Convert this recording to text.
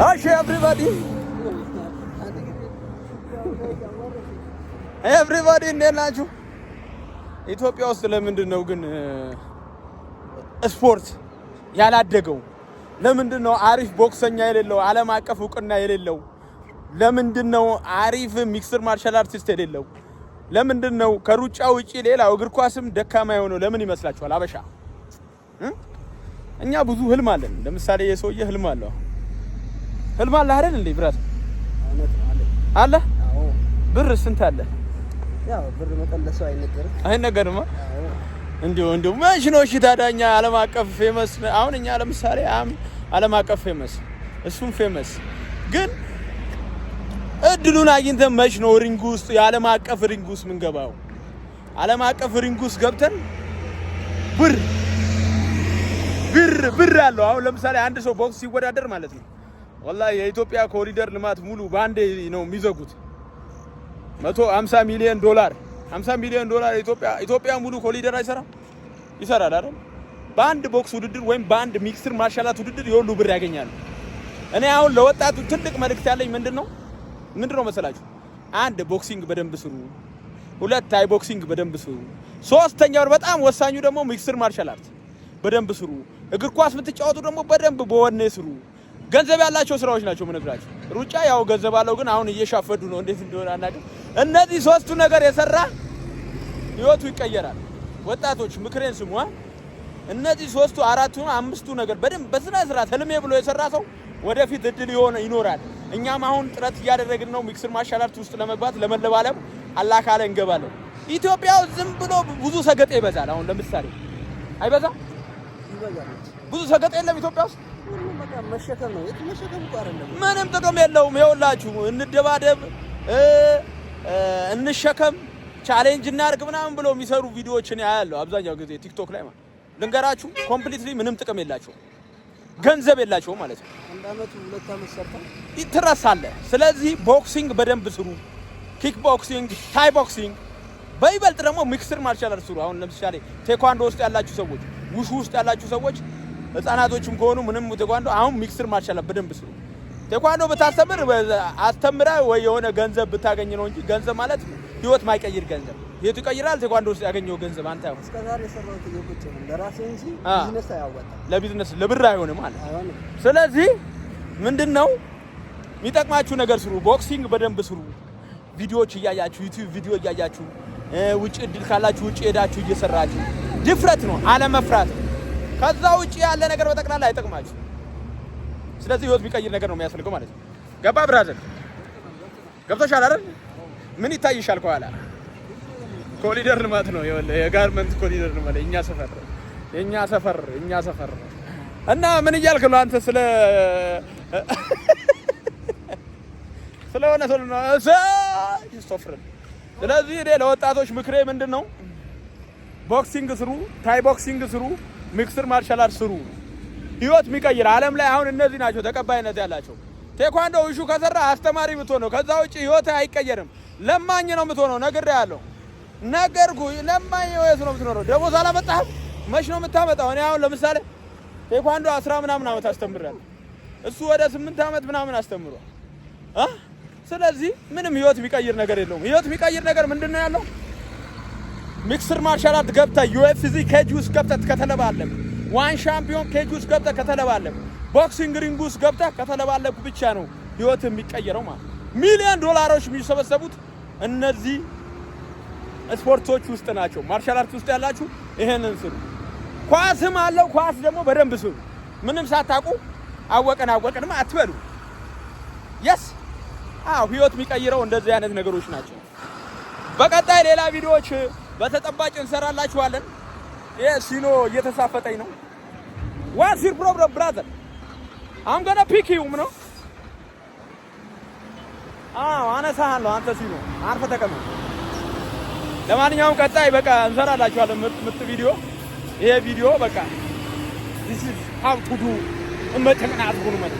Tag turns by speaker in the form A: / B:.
A: Hush everybody. ኤቭሪባዲ እንዴት ናችሁ? ኢትዮጵያ ውስጥ ለምንድን ነው ግን ስፖርት ያላደገው? ለምንድን ነው አሪፍ ቦክሰኛ የሌለው? ዓለም አቀፍ እውቅና የሌለው? ለምንድን ነው አሪፍ ሚክስር ማርሻል አርቲስት የሌለው? ለምንድን ነው ከሩጫ ውጪ ሌላው እግር ኳስም ደካማ የሆነው? ለምን ይመስላችኋል? አበሻ እኛ ብዙ ህልም አለን። ለምሳሌ የሰውዬ ህልም አለው ህልም አለ አይደል እንዴ? ብራት አለ። ብር ስንት አለ?
B: ያው ብር መቀለሱ አይነገርም፣
A: አይነገርማ። እንዲሁ እንዲሁ መንሽኖሽ ታዳኛ ዓለም አቀፍ ፌመስ አሁን እኛ ለምሳሌ ዓለም አቀፍ ፌመስ እሱም ፌመስ ግን እድሉን አግኝተን መች ነው ሪንግ ውስጥ የዓለም አቀፍ ሪንግ ውስጥ ምንገባው? ዓለም አቀፍ ሪንግ ውስጥ ገብተን ብር ብር ብር አለው። አሁን ለምሳሌ አንድ ሰው ቦክስ ሲወዳደር ማለት ነው ወላሂ የኢትዮጵያ ኮሪደር ልማት ሙሉ በአንዴ ነው የሚዘጉት። 150 ሚሊዮን ዶላር 50 ሚሊዮን ዶላር ኢትዮጵያ ኢትዮጵያ ሙሉ ኮሪደር አይሰራም? ይሰራል አይደል? በአንድ ቦክስ ውድድር ወይም በአንድ ሚክስር ማሻላት ውድድር የሁሉ ብር ያገኛሉ። እኔ አሁን ለወጣቱ ትልቅ መልእክት ያለኝ ምንድነው ምንድነው መሰላችሁ? አንድ ቦክሲንግ በደንብ ስሩ፣ ሁለት አይ ቦክሲንግ በደንብ ስሩ፣ ሶስተኛው በጣም ወሳኙ ደግሞ ሚክስር ማርሻል አርት በደንብ ስሩ። እግር ኳስ የምትጫወቱ ደግሞ በደንብ በወኔ ስሩ። ገንዘብ ያላቸው ስራዎች ናቸው የምነግራቸው። ሩጫ ያው ገንዘብ አለው፣ ግን አሁን እየሻፈዱ ነው። እንዴት እንደሆነ አናውቅም። እነዚህ ሶስቱ ነገር የሰራ ህይወቱ ይቀየራል። ወጣቶች ምክሬን ስሙ። እነዚህ ሶስቱ አራቱ አምስቱ ነገር በደንብ በስነ ስርዓት ህልሜ ብሎ የሰራ ሰው ወደፊት እድል ይሆነ ይኖራል። እኛም አሁን ጥረት እያደረግን ነው፣ ሚክስር ማርሻል አርት ውስጥ ለመግባት ለመለባለም አላህ ካለ እንገባለን። ኢትዮጵያ ዝም ብሎ ብዙ ሰገጤ ይበዛል። አሁን ለምሳሌ አይበዛ ብዙ ሰገጤ የለም ኢትዮጵያ ውስጥ ምንም ጥቅም የለውም። ይኸውላችሁ እንደባደብ፣ እንሸከም፣ ቻሌንጅ እናርግ ምናምን ብለው የሚሰሩ ቪዲዮዎችን ያያለሁ አብዛኛው ጊዜ ቲክቶክ ላይ ማለት ልንገራችሁ፣ ኮምፕሊትሊ ምንም ጥቅም የላቸውም። ገንዘብ የላቸውም ማለት ነው። ትረሳለህ። ስለዚህ ቦክሲንግ በደንብ ስሩ፣ ኪክ ቦክሲንግ፣ ታይ ቦክሲንግ በይበልጥ ደግሞ ሚክስድ ማርሻል አርት ስሩ። አሁን ለምሳሌ ቴኳንዶ ውስጥ ያላችሁ ሰዎች፣ ውሹ ውስጥ ያላችሁ ሰዎች ህጻናቶችም ከሆኑ ምንም ቴኳንዶ አሁን ሚክስር ማሻላ በደንብ ስሩ። ቴኳንዶ ብታስተምር አስተምረ ወይ የሆነ ገንዘብ ብታገኝ ነው እንጂ ገንዘብ ማለት ህይወት ማይቀይር ገንዘብ የቱ ይቀይራል? ቴኳንዶ ውስጥ ያገኘው ገንዘብ አንተ ያው
B: ለራሴ እንጂ ቢዝነስ
A: ለቢዝነስ ለብር አይሆንም ማለት። ስለዚህ ምንድን ነው የሚጠቅማችሁ ነገር ስሩ። ቦክሲንግ በደንብ ስሩ። ቪዲዮዎች እያያችሁ ዩቲዩብ ቪዲዮ እያያችሁ ውጭ እድል ካላችሁ ውጭ ሄዳችሁ እየሰራችሁ ድፍረት ነው አለመፍራት ነው። ከዛ ውጭ ያለ ነገር በጠቅላላ አይጠቅማችሁ። ስለዚህ ህይወት የሚቀይር ነገር ነው የሚያስፈልገው ማለት ነው። ገባ ብራዘር፣ ገብቶሻል አይደል? ምን ይታይሻል? ከኋላ ኮሊደር ልማት ነው የጋርመንት ኮሊደር ልማት የኛ ሰፈር የኛ ሰፈር የኛ ሰፈር እና ምን እያልክ ነው አንተ? ስለ ስለሆነ ሰው ነው እሰ ይስተፍረን። ስለዚህ እኔ ለወጣቶች ምክሬ ምንድን ነው? ቦክሲንግ ስሩ፣ ታይ ቦክሲንግ ስሩ። ሚክስር ማርሻል አርት ስሩ፣ ህይወት የሚቀይር አለም ላይ አሁን እነዚህ ናቸው ተቀባይነት ያላቸው። ቴኳንዶ ውሹ ከሰራ አስተማሪ ብትሆነው፣ ከዛ ውጭ ህይወት አይቀየርም። ለማኝ ነው የምትሆነው። ነገር ያለው ነገርኩ። ለማኝ ህይወት ነው የምትኖረው። ደሞዝ አላመጣህም፣ መች ነው የምታመጣው? እኔ አሁን ለምሳሌ ቴኳንዶ አስራ ምናምን ዓመት አስተምራል፣ እሱ ወደ ስምንት አመት ምናምን አስተምሯል። ስለዚህ ምንም ህይወት የሚቀይር ነገር የለውም። ህይወት የሚቀይር ነገር ምንድን ነው ያለው? ሚክስር ማርሻል አርት ገብተህ ዩኤፍሲ ኬጅ ውስጥ ገብተህ ከተለባለም ዋን ሻምፒዮን ኬጅ ውስጥ ገብተህ ከተለባለም ቦክሲንግ ሪንግ ውስጥ ገብተህ ከተለባለብክ ብቻ ነው ህይወት የሚቀየረው ማለት ሚሊዮን ዶላሮች የሚሰበሰቡት እነዚህ ስፖርቶች ውስጥ ናቸው። ማርሻል አርት ውስጥ ያላችሁ ይሄንን ስሩ። ኳስም አለው። ኳስ ደግሞ በደንብ ስሩ። ምንም ሳታውቁ አወቀን አወቀንም አትበሉ። የስ አዎ፣ ህይወት የሚቀይረው እንደዚህ አይነት ነገሮች ናቸው። በቀጣይ ሌላ ቪዲዮዎች በተጠባጭ እንሰራላችኋለን። ይሄ ሲኖ እየተሳፈጠኝ ነው። ዋት ዩር ፕሮብለም ብራዘር? አም ገና ፒክ ዩ ነው። አዎ አነሳሃለሁ። አንተ ሲኖ አርፈ ተቀመጥ። ለማንኛውም ቀጣይ በቃ እንሰራላችኋለን ምርጥ ቪዲዮ። ይሄ ቪዲዮ በቃ ዲስ ኢዝ ሃው ቱ ዱ መጨቅናት ጉኑ